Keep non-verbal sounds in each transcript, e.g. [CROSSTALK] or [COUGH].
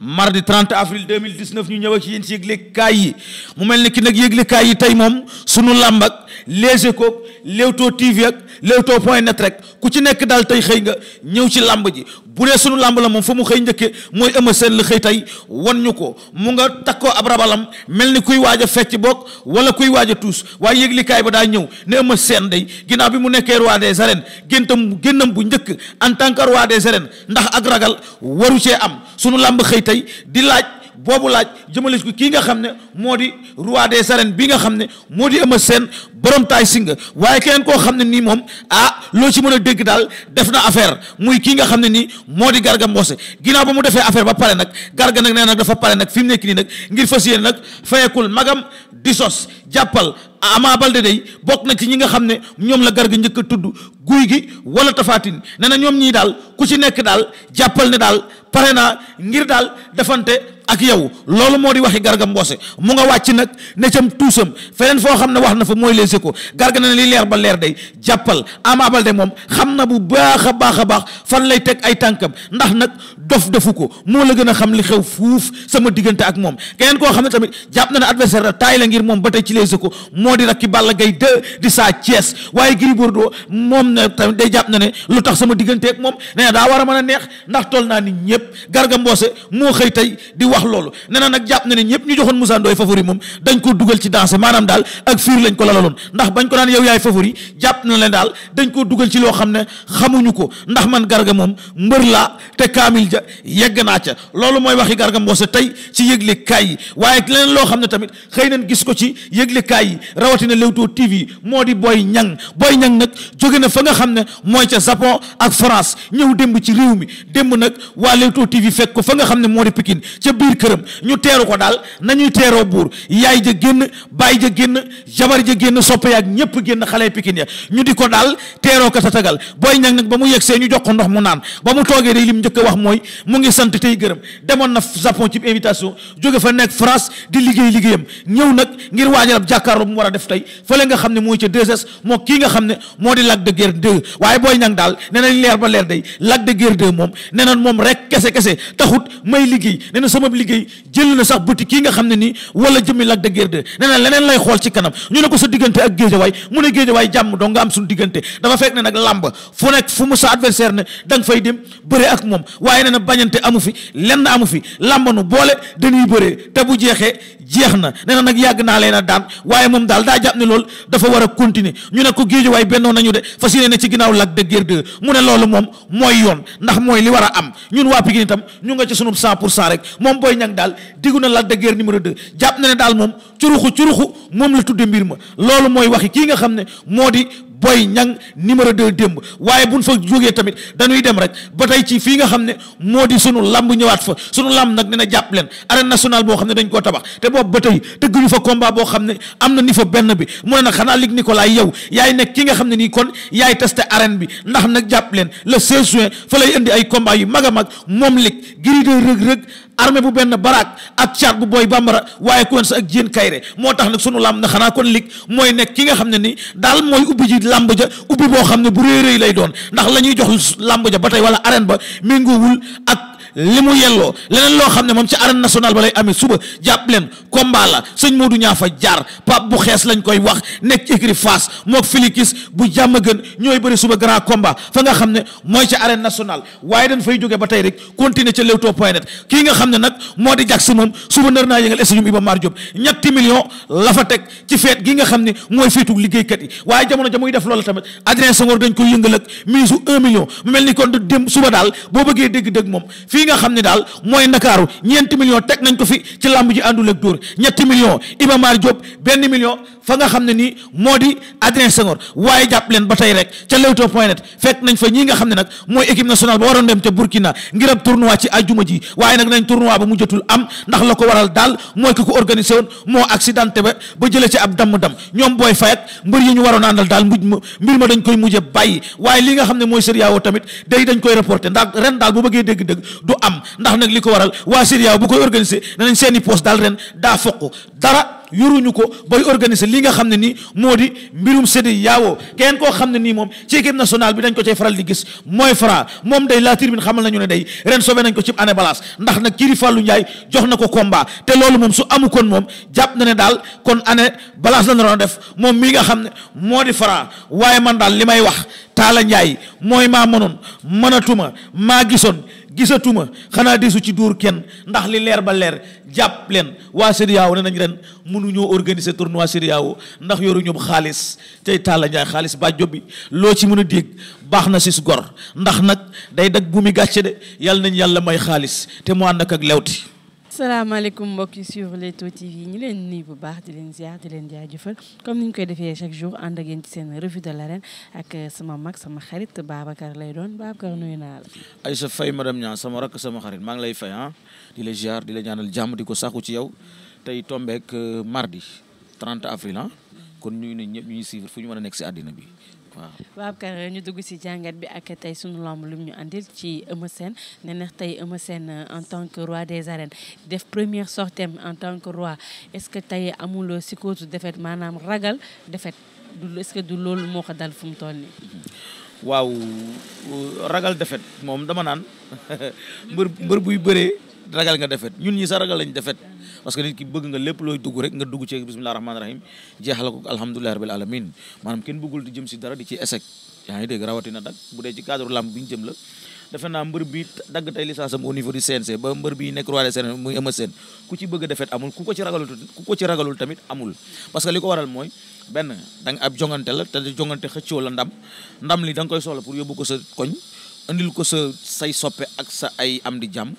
mardi 30 avril 2019 ñu ñëw ak yéen ci yëgle kaay yi mu mel ni ki nag yëgle kaay yi tey moom sunu làmb ak Les Échos Leewtoo TV ak Leewtoo point net rek ku ci nekk daal tey xëy nga ñëw ci làmb ji bu dee sunu làmb la moom fa mu xëy njëkke mooy Eumeu seen la xëy tey wan ñu ko mu nga takkoo ab rabalam mel ni kuy waaj a fecc bokk wala kuy waaja a tuus waaye yëgle kaay ba daa ñëw ne Eumeu seen day ginnaaw bi mu nekkee roi des arènes géntam génnam bu njëkk en tant que roi des arènes ndax ak waru cee am sunu làmb xëy tey di laaj boobu laaj jëmale ko kii nga xam ne moo di roi des arènes bi nga xam ne moo di Eumeu seen borom taay singa waaye keneen koo xam ne nii moom ah loo ci mën a dégg daal def na affaire muy kii nga xam ne nii moo di garga mboose ginnaaw ba mu defee affaire ba pare nag garga nag nee nag dafa pare nag fi nekk nii nag fas yéene nag fayekul magam di sos jàppal Ama Baldé bokk na ci ñi nga xam ne ñoom la garga njëkk a tudd guy gi wala tafaatin nee na ñoom ñii daal ku ci nekk daal jàppal ne daal pare naa ngir daal defante ak yow loolu moo di waxi garga mboose mu nga wàcc nag ne cam tuusam feneen foo xam ne wax na fa mooy les corriger ko garga na li leer ba leer day jàppal Ama Baldé moom xam na bu baax a baax a baax fan lay teg ay tànkam ndax nag dof defu ko moo la gën a xam li xew fuuf sama diggante ak moom keneen koo xam ne tamit jàpp na ne adversaire la taay la ngir moom ba tey ci les échos moo di rakki Balla Gaye 2 di Sa Thiès waaye Gris Bordeaux moom ne tamit day jàpp na ne lu tax sama diggante ak moom nee na daa war a mën a neex ndax toll naa ni ñëpp garga mboose moo xëy tey di wax loolu nee na nag jàpp na ne ñëpp ñu joxoon Moussa Ndoye favori moom dañ ko dugal ci danse maanaam daal ak fiir lañ ko lalaloon ndax bañ ko naan yow yaay yi jàpp na leen daal dañ koo dugal ci loo xam ne xamuñu ko ndax man garga moom mbër laa te kaamil ja yegg naa ca loolu mooy waxi garga mboose tey ci yëgle kaay yi waaye leneen loo xam ne tamit xëy nañ gis ko ci yëgle kaay yi rawatina Leewtoo TV moo di Boy Niang Boy Niang nag jóge na fa nga xam ne mooy ca Japon ak France ñëw démb ci réew mi démb nag waa Leewtoo TV fekk ko fa nga xam ne moo di Pikine ca biir këram ñu teeru ko daal nañuy teeroo buur yaay ja génn baay ja génn jabar ja génn soppe yaag ñëpp génn xale Pikine ya ñu di ko daal teeroo ko tatagal booy ñang nag ba mu yegsee ñu jox ko ndox mu naan ba mu toogee day lim njëkk a wax mooy mu ngi sant tey gërëm demoon na Japon ci invitation jóge fa nekk France di liggéey liggéeyam ñëw nag ngir waajal ab jàkkaarloo mu war a def tey fële nga xam ne mooy ca 2 moo kii nga xam ne moo di Lac de Guiers 2 waaye booy ñang daal nee nañ leer ba leer day Lac de moom nee nañ moom rek kese kese taxut may liggéey nee na sama liggéey jël na sax bëti kii nga xam ne nii wala jëmmi Lac de Guiers 2 lay xool ci kanam ñu ne ko sa diggante diggante ak géejawaay mu ne géejawaay jàmm dong nga am suñu diggante dafa fekk ne nag làmb fu nekk fu mu sa adversaire ne da nga fay dem bëre ak moom waaye nee na bañante amu fi lenn amu fi làmb nu boole dañuy bëree te bu jeexee jeex na nee nag yàgg naa leen a daan waaye moom daal daa jàpp ne lool dafa war a continuer ñu ne ko géejawaay bennoo nañu de fas yéene ne ci ginnaaw Lac de Guiers mu ne loolu moom mooy yoon ndax mooy li war a am ñun waa Pikine itam ñu nga ci sunub cent pour cent rek moom Boy Niang daal diggu na Lac de Guiers numéro 2 jàpp na ne daal moom curuxu curuxu moom la tudde ma loolu mooy waxi kii nga xam ne moo di booy Niang numéro 2 démb waaye bu nu fa jógee tamit dañuy dem rek ba tey ci fii nga xam ne moo di sunu lamb ñëwaat fa sunu lamb nag ne na jàpp leen arène nationale boo xam ne dañ koo tabax te boobu ba tey tëgguñu fa combat boo xam ne am na ni fa benn bi mu ne nag xanaa lig Nicolas yow yaay nekk ki nga xam ne nii kon yaay testé arène bi ndax nag jàpp leen le 16 juin lay indi ay combat yu mag a mag moom lig giri armée bu benn baraak ak caat bu booy bambara waaye ku sa ak jéen kayre moo tax nag sunu làmb na xanaa kon lig mooy nekk ki nga xam ne ni daal mooy ubbi ji làmb ja ubbi boo xam ne bu réy réy lay doon ndax la ñuy jox làmb ja ba tey wala arène ba méngoowul ak li mu yelloo leneen loo xam ne moom ci arène nationale ba lay amee suba jàpp leen combat la sëñ du ñaa fa jaar Pape bu xees lañ koy wax nekk ci écurie Fass mook Filikis bu jàmm gën ñooy bëri suba grand combat fa nga xam ne mooy ci arène national waaye dañ fay jóge ba tey rek continuer ca Leewtoo point net kii nga xam ne nag moo di jàg si moom suba nër naa yëngal stadium Iba Mar Diop ñetti million la fa teg ci feet gi nga xam ne mooy féetug liggéeykat yi waaye jamono ja def loola tamit Adrien Senghor dañ koy yëngal ak mise u un mel ni kon du dem suba daal boo bëggee dégg-dégg moom fii nga xam ne daal mooy ndakaaru ñeenti million teg nañ ko fi ci làmb àndul ak dóor million Iba Mar benn million fa nga xam ne nii moo di Adrien Senghor waaye jàpp leen ba tey rek ca Leewtoo point net fekk nañ fa ñi nga xam ne nag mooy équipe nationale ba waroon dem ca Burkina ngir ab tournoi ci ajjuma ji waaye nag nañ tournoi ba mu am ndax la ko waral daal mooy ki ko organisé woon moo accidenté ba ba jëlee ci ab damm-dam ñoom booy fayak mbër yi ñu waroon àndal daal mbuj mbir ma dañ koy mujje bàyyi waaye li nga xam ne mooy Serigne Yao tamit day dañ koy reporté ndax ren daal bu bëggee dégg-dégg du am ndax nag li ko waral waa Syria bu koy organiser danañ seen i poste daal ren daa foq dara yoruñu ko bay organiser li nga xam ne nii moo di mbirum séddi yaawoo kenn koo xam ne nii moom ci équipe nationale bi dañ ko cay faral di gis mooy Fra moom day la tribune xamal nañu ne day ren sauvé nañ ko ci année balance ndax nag kii di jox na ko combat te loolu moom su amu kon moom jàpp na ne daal kon année balance la naroon def moom mii nga xam ne moo di Fra waaye man daal li may wax Talla Ndiaye mooy maa manoon mënatuma maa gisoon gisatuma xanaa desu ci dóor kenn ndax li leer ba leer jàpp leen waa CEDEAO ne nañ ren mënuñoo organiser tournoi CEDEAO ndax yoru ñoom xaalis tey Talla Ndiaye xaalis ba bi loo ci mun a dégg baax na si gor ndax nag day dag bu mi gàcce de yàlla nañ yàlla may xaalis te mu ànd ak ak lewti salaamaaleykum mbokk yi suivre Leewtoo yi ñu leen nuyu bu baax di leen ziar di leen jaajëfal comme ni ñu koy defee chaque jour ànd ak yéen ci seen revue de l'arène ak sama mag sama xarit Babacar lay doon Babacar nuyu naa la. Aïssa Faye madame Niang sama rakk sama xarit maa lay fay ah di la ziar di la ñaanal jàmm di ko saxu ci yow tey tombeek euh, mardi 30 avril ah kon ñu ngi ne ñëpp ñu ngi suivre fu ñu mën a nekk si àddina bi. waaw Babacar ñu dugg ci jàngat bi ak tey suñu lamb lu ñu andil ci Eumeu seen ne ndax tey Eumeu Sène euh, en tant que roi des arènes def première sortie en tant que roi est-ce que tey amul psychose défaite maanaam ragal défaite du est du loolu moo ko dal fu mu toll nii. waaw ragal défaite moom dama naan [LAUGHS] mbër mbër buy bëree ragal nga defet ñun ñi sax ragal lañ parce que nit ki bëgg nga lépp looy dugg rek nga dugg ci bisimilah rahmaani rahim jeexal ko alhamdulilah rabil alamin maanaam kenn bëggul di jëm si dara di ci échec yaa ngi dégg rawatina nag bu dee ci cadre lamb bi ñu jëm la defe naa mbër bi dagg tey licence am au niveau du CNC ba mbër bi nekk roi des muy Eumeu Sène ku ci bëgg a amul ku ko ci ragalul ku ko ci ragalul tamit amul parce que li ko waral mooy benn da nga ab jongante la te jongante xëccoo la ndam ndam li da nga koy soxla pour yóbbu ko sa koñ ko sa say soppe ak sa ay am di jàmm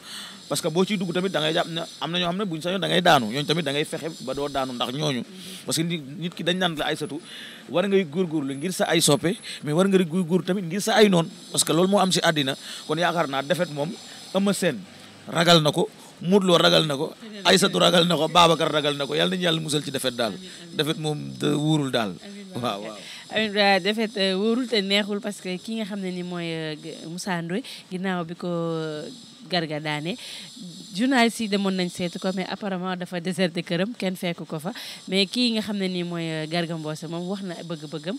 parce que boo ciy dugg tamit da ngay jàpp ne am na ñoo xam ne buñ sañoon da ngay daanu ñooñu tamit da ngay fexe ba doo daanu ndax ñooñu parce que nit ki dañ naan la ay satu war ngay góorgóorlu ngir sa ay soppe mais war nga di góorgóorlu tamit ngir sa ay noon parce que loolu moo am si àddina kon yaakaar naa defet moom Eumeu Sène ragal na ko Modou Lo ragal na ko Aysatu ragal na ko Babacar ragal na ko yàlla nañu yàlla musal ci defet daal defet moom wóorul daal waaw waaw amin euh, euh, euh, neexul parce que ki nga xam ne ni mooy Moussa Garga Dane journaliste yi demoon nañ seetu ko mais apparemment dafa déserté këram kenn fekku ko fa mais kii nga xam ne nii mooy euh, Garga Mbossé moom wax na bëgg-bëggam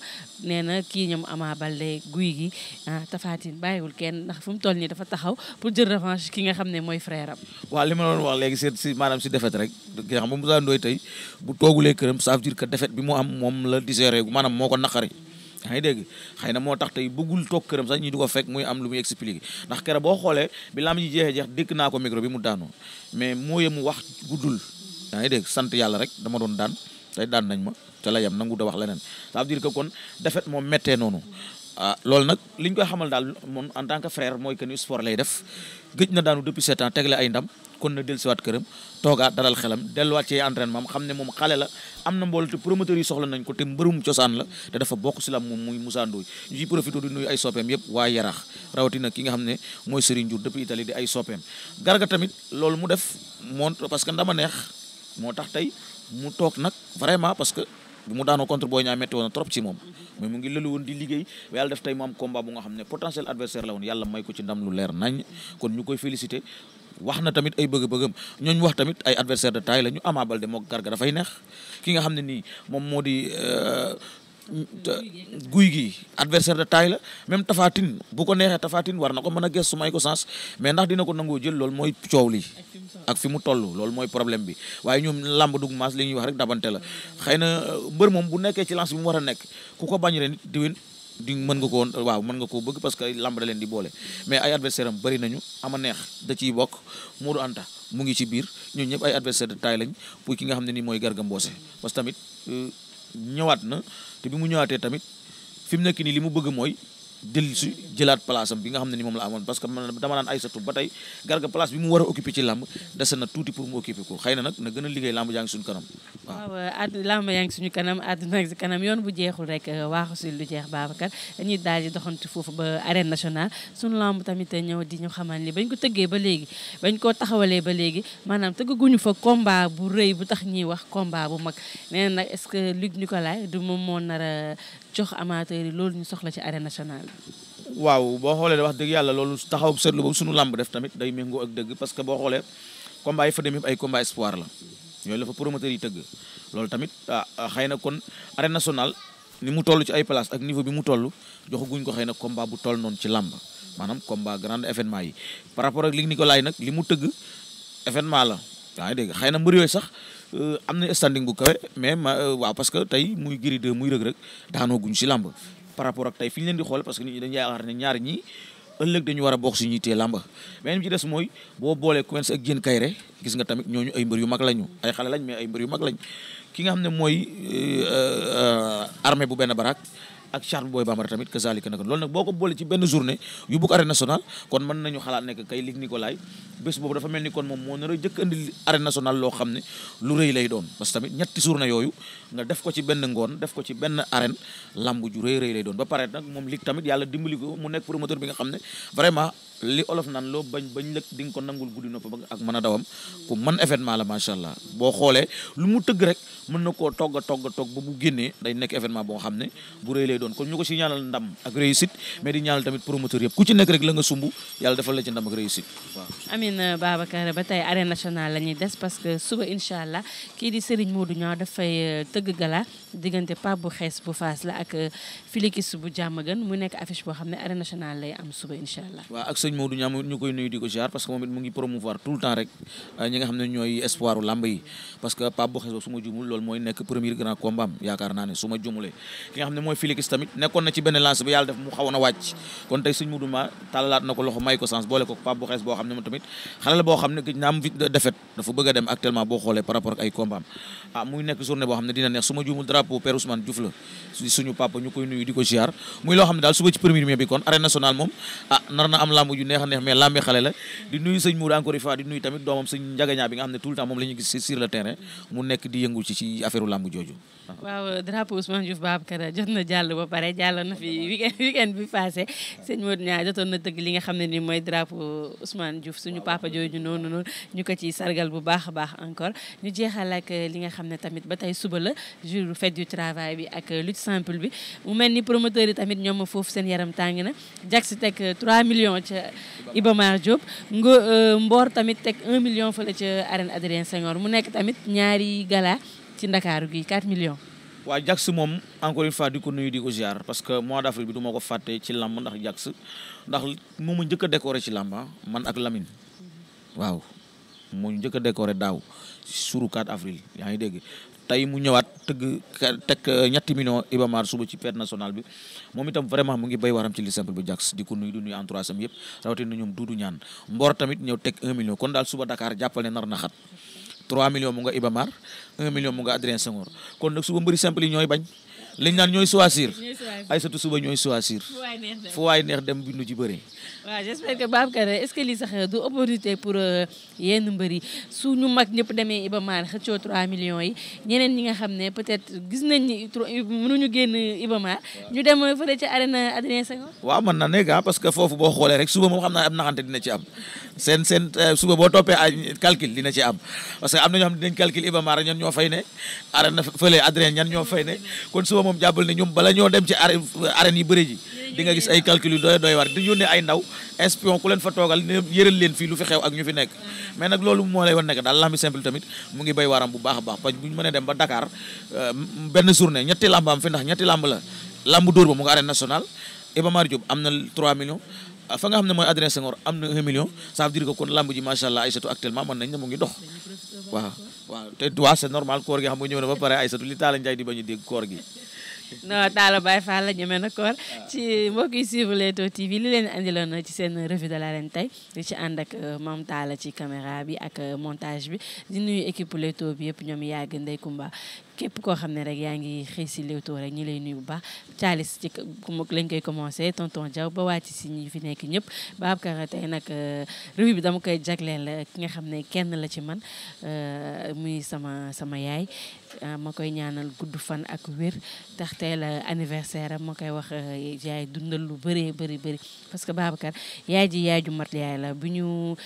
nee na kii ñoom Ama Baldé guy gi ah tafaatin bàyyiwul kenn ndax fu mu toll nii dafa taxaw pour jël revanche ki nga xam ne mooy frère waa li ma doon wax léegi seet si maanaam si défaite rek ki nga xam ne Moussa Ndoye tey bu toogulee këram ça veut dire que défaite bi mu am moom la digéré maanaam moo ko naqari yaa ngi dégg xëy na moo tax tey bëggul toog këram sax ñi du ko fekk muy am lu muy expliqué ndax kere boo xoolee bi lam ji jeexee jeex dégg naa ko micro bi mu daanoo mais mooy mu wax guddul yaa ngi dégg sant yàlla rek dama doon daan tey daan nañ ma te la yem nangu da wax leneen ça veut dire que kon defet moom méttee noonu ah loolu nag li ñu koy xamal daal moon en tant que frère mooy que ni sport lay def gëj na daanu depuis sept ans tegle ay ndam kon na dellusiwaat këram toogaat dalal xelam delluwaat ci entraînement xam ne moom xale la am na mboolu te promoteur yi soxla nañ ko te mbërum cosaan la te dafa bokk si la moom muy Moussa Ndoye ñu ciy profité di nuyu ay soppeem yëpp waa ki nga xam ne mooy Serigne Diour depuis Italie ay soppeem garga tamit loolu mu def moo parce que ndama neex moo tax tey mu toog nag vraiment parce que mu daanoo contre booy ñaa metti woon trop ci moom mais mu ngi lëlu woon di liggéey yàlla def tey mu am combat bu nga xam ne potentiel adversaire la woon yàlla may ko ci ndam lu leer nañ kon ñu koy félicité wax na tamit ay bëgg-bëggam ñooñu wax tamit ay adversaire de taille la ñu Ama Baldé moo Garga dafay neex ki nga xam ne nii moom moo di euh, guy gi adversaire de taille la même tafaatin bu ko neexee tafaatin war na ko mën a gëstu may ko sens mais ndax dina ko nangoo jël loolu mooy coow li ak fi mu toll loolu mooy problème bi waaye ñoom làmb dug maas li ñuy wax rek dabante la xëy na euh, mbër moom bu nekkee ci lance bi mu war a nekk ku ko bañ ren it diwin di mën nga ko woon waaw mën nga koo bëgg parce que lamb da leen di boole mais ay adversaire am bëri nañu ama neex da ciy bokk Modou Anta mu ngi ci biir ñooñ ñëpp ay adversaire de taille lañ pour ki nga xam ne ni mooy Garga Mbossé parce que tamit euh, ñëwaat na te bi mu ñëwaatee tamit fi mu nekk nii li mu bëgg mooy dellu si jëlaat place bi nga xam ne ni moom la amoon parce que man dama naan Aïssatou ba tey Garga place bi mu war a occuper ci làmb dese tuuti pour mu occuper ko xëy na nag na a liggéey làmb euh, yaa ngi ngi suñu kanam àdduna ngi yoon bu jeexul rek euh, waaxu si lu jeex Babacar ñuy daal di doxantu foofu ba arène nationale suñu làmb tamit ñëw di ñu xamaan ni bañ ko tëggee ba léegi bañ koo taxawalee ba léegi maanaam tëggaguñu fa combat bu rëy bu tax ñuy wax combat bu mag nee na nag est-ce que Luc Nicolaï du moom moo nar a jox amateur yi loolu ñu ci arène nationale waaw boo xoolee wax dëgg yàlla loolu taxaw seetlu boobu suñu làmb def tamit day méngoo ak parce que boo xoolee combat yi fa dem yëpp ay combat espoir la yooyu la fa promoteurs yi tëgg loolu tamit ah, ah, xëy na kon arène national ni mu toll ci ay place ak niveau bi mu toll joxaguñ ko xëy na combat bu toll noonu ci làmb maanaam combat grande événement yi par rapport ak li ni ko laay nag li mu tëgg événement la yaa ngi dégg xëy na mbër yooyu sax euh, am na standing bu kawe mais euh, waaw parce que tey muy Gris muy Reug Reug daanoo guñ si làmb par rapport ak tey fi ñu leen di xool parce que nit ñi dañu yaakaar ne ñaar ñi ëllëg dañu war a bokk suñuy tee làmba mais li ci des mooy boo boolee Quench ak Diène Kaïré gis nga tamit ñooñu ay mbër yu mag lañu ay xale lañ mais ay mbër yu mag lañ ki nga xam ne mooy euh, euh, armée bu benn barak ak Charles Boy Bambara tamit kazalika nag loolu nag boo ko boole ci benn journée yu bugg arène nationale kon mën nañu xalaat nekk kay Luc Nicolaï bés boobu dafa mel ni kon moom moo nar a jëkk andi loo xam ne lu rëy lay doon parce que tamit ñetti journée yooyu nga def ko ci benn ngoon def ko ci benn arène lamb ju rëy rëy lay doon ba pare nag moom Luc tamit yàlla dimbali ko mu nekk promoteur bi nga xam ne vraiment li olof naan loo bañ bañ lëkk di nga ko nangul guddi nopp ba ak mën a dawam ku man événement la macha allah boo xoolee lu mu tëgg rek mën na koo togg a togg a togg ba bu génnee day nekk événement boo xam ne bu rëy lay doon kon ñu ko si ñaanal ndam ak réussite mais di ñaanal tamit promoteur yëpp ku ci nekk rek la nga sumb yàlla defal la ci ndam ak réussite waaw amin euh, Babacar ba tey arène nationale la ñuy des parce que suba incha allah kii di Serigne Modou Niang dafay euh, tëgg gala diggante Pape bu xees bu faas la ak euh, Filikis bu jàmm gën mu nekk affiche boo xam ne arène nationale lay am suba incha allah sëñ Modou Ñaam ñu koy nuyu di ko ziar parce que moom it mu ngi promouvoir tout le temps rek euh, ñi nga xam ne ñooy espoir u yi parce que Pape Boxe ba su mu xawoon ma tàllalaat na ko loxo may ko sens boo xam ne moom tamit boo xam ne ah, muy nekk journée boo xam ne dina neex su ma jumul drapeau Père Ousmane Diouf la suñu papa ñu koy nuyu di ko ziar muy loo xam ne daal suba ci premier mai bi kon arène nationale moom ah nar na am lamb yu neex a neex mais làmbi xale la di nuyu sëñ Mour encore une fois di nuyu tamit doomam sëñ njagañaa bi nga xam ne tout le temps moom la ñu gis sur le terrain mu nekk di yëngu ci ci affaire làmb jooju waaw drapeau Ousmane Diouf Babacar jot na jàll ba pare jàll na fi weekend weekend bi passé sëñ Modou Niang jotoon na tëgg li nga xam ne ni mooy drapeau Ousmane Diouf suñu papa jooju noonu noonu ñu ko ci sargal bu baax a baax encore ñu jeexal ak li nga xam ne tamit ba tey suba la jour fête du travail bi ak lutte simple bi mu mel ni promoteur yi tamit ñoom foofu seen yaram tàng na jag si teg 3 millions ca Iba Mar euh, Mboor tamit teg un million fële ca arène Adrien Senghor mu nekk tamit ñaari gala ci ndakaaru gi 4 million waa Jax moom encore une fois di ko nuyu di ko parce que mois d'avril bi du ma ko fàtte ci làmb ndax Jax ndax moom mu njëkk a décoré ci làmba man ak Lamine mm-hmm. waaw mu njëkk a décoré daaw suru 4 avril yaa ngi dégg tey mu ñëwaat tëgg teg euh, ñetti millions Iba Mar suba ci fête nationale bi moom itam vraiment mu ngi béy waram ci li simple bi jax di ko nuyu du nuyu entourage am yëpp rawatina ñoom duudu ñaan mboor tamit ñëw teg un million kon daal suba Dakar jàppale nar na xat 3 millions mu nga Iba Mar million mu nga Adrien Senghor kon nag suba mbëri simple yi ñooy bañ liñ naan ñooy choisir Aïssatou suba ñooy choisir fu waay neex dem bindu ci bëri waaw j'espère que Babacar est-ce que sax du opportunité pour euh, yenn mbër yi su ñu mag ñëpp demee Iba Mar xëccoo millions yi ñeneen ñi nga xam ne peut-être gis nañ ni mënuñu génn Iba ñu dem fële ca arène Adrien Senghor waaw ah, foofu boo xoolee rek suba moom xam naa am naxante dina ci euh, ci am parce que am na ñoo xam ne ñan ñoo fële kon suba suba moom jàppal ne ñoom bala ñoo dem ci arène yi bëri ji gis ay calcul yu doy war di yónnee ay ndaw espion ku leen fa toogal ne leen fii lu fi xew ak ñu fi nekk mais nag loolu moo lay wan nekk daal lambi simple tamit mu ngi béy waaram bu baax a baax parce que bu ñu dem ba Dakar euh, benn journée ñetti lamb am fi ndax ñetti lamb la lamb dóor ba mu nga arène nationale Iba Mar Diop am na 3 millions fa nga xam ne mooy Adrien am na 1 million ça veut dire que kon lamb ji macha waaw te waa c'est normal koor gi xam nga ñëw na ba pare Aïssatou li Talla Ndiaye di bañu dégg koor gi non Talla Baye Fall la na koor ci mbokk yi suivre Leewtoo TV li leen andiloon ci seen revue de l'arène tey di ci ànd ak euh, Mame Talla ci caméra bi ak euh, montage bi di nuyu équipe Leewtoo bi yëpp ñoom yàgg Ndeye Kumba képp koo xam ne rek yaa ngi xëy si Leewtoo rek ñu lay nuyu baax Thialis ci lañ koy commencé tonton Diaw ba wàcc si ñi fi nekk ñëpp Babacar tey nag euh, revue bi dama koy jagleel euh, ki nga xam ne kenn la ci man euh, muy sama sama yaay ma koy ñaanal gudd fan ak wér tax tey la anniversaire ma koy wax yaay dundal lu bëree bëri bëri parce que Babacar yaay ji yaay ju mat yaay la bu ñu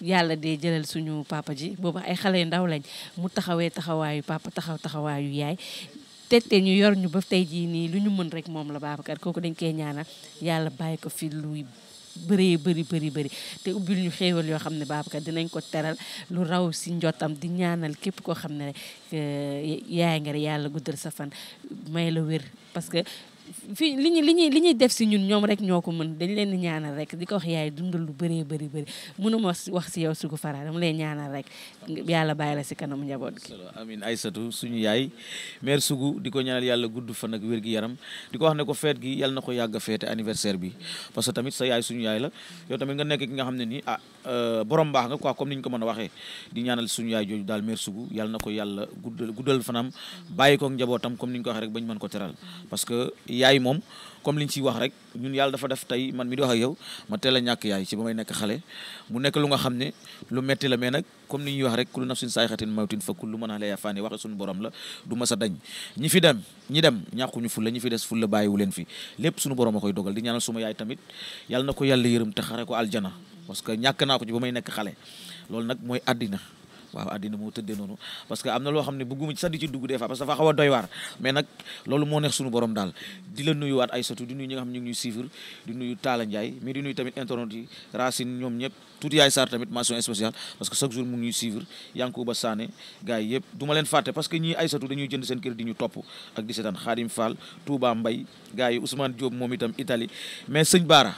yàlla dee jëlal suñu papa ji boobu ay xale yu ndaw lañ mu taxawee taxawaayu papa taxaw taxawaayu yaay te tette ñu yor ñu ba tey jii nii lu ñu mën rek moom la Babacar kooku dañ koy ñaanal yàlla bàyyi ko fi luy bëree bëri bëri bëri te ubbil ñu xéewal yoo xam ne Babacar dinañ ko teral lu raw si njottam di ñaanal képp koo xam ne rek euh, yaay nga yàlla guddal sa fan may la wér parce fii li ñu li li ñuy def si ñun ñoom rek ñoo ko mën dañ leen ñaanal rek di ko wax yaay dundal lu bëree bëri bëri mënuma wax si yow sugu fara dama lay ñaanal rek yàlla bàyyi la si kanam njaboot gi yaay mère sugu di ko ñaanal yàlla gudd fan ak wér gi yaram di ko wax ne ko feet gi yàlla na ko yàgg a feete anniversaire bi parce que tamit sa yaay suñu yaay la yow tamit nga nekk ki nga xam ne ni ah euh, borom baax nga quoi comme ni ñu ko mën a waxee di ñaanal suñu yaay jooju daal mère sugu yàlla na ko yàlla guddal guddal fanam bàyyi ko njabootam comme ni ñu ko waxee rek bañ mën ko teral parce que yaay moom comme liñ ciy wax rek ñun yàlla dafa def tey man mi di wax ak yow ma teel a ñàkk yaay ci ba may nekk xale mu nekk lu nga xam ne lu metti la mais nag comme ni ñuy wax rek kullu nafsin saayxatin mawtin fa kullu mën a la yafaani waxe suñu borom la du mas a dañ ñi fi dem ñi dem ñàkkuñu fulla ñi fi des la bàyyiwu leen fi lépp suñu borom a koy dogal di ñaanal suma yaay tamit yal na ko yàlla yërëm te xare ko aljana parce que ñàkk naa ko ci ba may nekk xale loolu nag mooy àddina waaw àddina moo tëddee noonu parce que am na loo xam ne bëgguma ci sax di ci dugg des fois parce que dafa xaw a doy waar mais loolu moo neex suñu borom daal di la nuyuwaat ay sotu di nuyu ñi nga xam ne di nuyu tamit internet yi Racine ñoom ñëpp tuuti yaay Sarr tamit mention spéciale parce que chaque jour mu ngi leen fàtte parce que ñii ay sotu dañuy jënd seen kër di ñu topp ak di seetaan Khadim Fall Touba Mbaye gars yi Ousmane Diop moom itam Italie mais sëñ Baara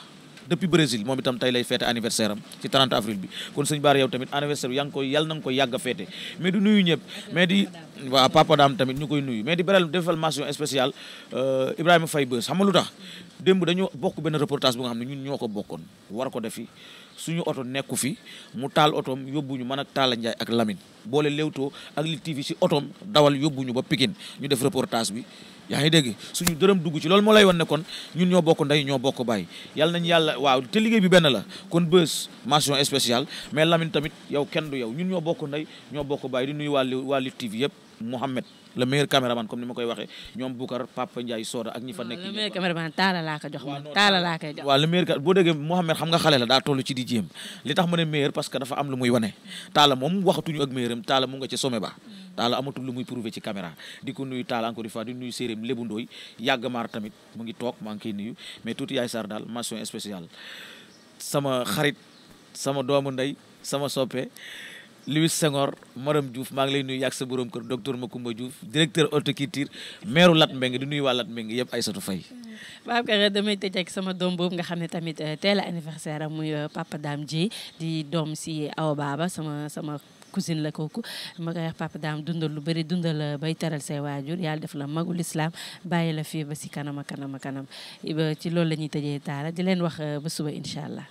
depuis Brésil moom itam tey lay fête anniversaire am ci 30 avril bi kon sëñ Bara yow tamit anniversaire bi yaa ngi koy yàlla na nga koy yàgg fête mais du nuyu ñëpp mais di waaw papa daam tamit ñu koy nuyu mais di beral defal mention spéciale euh, Ibrahima Faye Beus xam nga lu tax démb dañu bokk benn reportage bu nga xam ne ñun ñoo ko bokkoon war ko defi suñu oto nekku fi mu taal yóbbu ñu man ak Talla njaay ak Lamine boole Leewtoo ak li TV si otoom dawal yóbbuñu ba Pikine ñu def reportage bi yaa ngi dégg suñu dërëm dugg ci loolu moo lay wan ne kon ñun ñoo bokk ndey ñoo bokk baay yàlla nañu yàlla waaw te liggéey bi benn la kon bés mention spéciale mais Lamine tamit yow kenn du yow ñun ñoo bokk ndey ñoo bokk baay di nuyu waa waa Lutte TV yëpp Mouhamed le meilleur caméraman comme ni koy waxee ñoom Boucar Papa Ndiaye Soda ak ñi fa nekk. laa ko jox man Talla laa koy jox. waaw le meilleur boo déggee Mouhamed xam nga xale la daa toll ci di jéem li tax ma ne meilleur parce que dafa am lu muy wane Talla moom waxatuñu ak meilleuram Talla mu nga ca sommet taala amatul lu muy prouver ci caméra di ko nuyu taala encore une fois di nuyu séeréem lébu ndooy tamit mu ngi toog maa ngi koy nuyu mais tuuti yaay sar daal mention spéciale sama xarit sama doomu ndey sama soppe Louis Senghor madame Diouf maa ngi lay nuyu yàgg sa borom kër docteur Macoumba Diouf directeur horticulture maire Lat Mbengue di nuyu waa Lat Mbengue yëpp Aïssatou Faye Babacar damay tëj ak sama doom boobu nga xam ne tamit euh, teel a anniversaire am muy euh, di doom si Awa Baba sama sama cousine la kooku ma koy wax papa daam dundal lu bëri dundal euh, bay teral say waajur yàlla def la magul islam bàyyi la fii ba si kanama kanama kanam a ci loolu la ñuy tëjee taara di leen wax euh, ba suba incha allah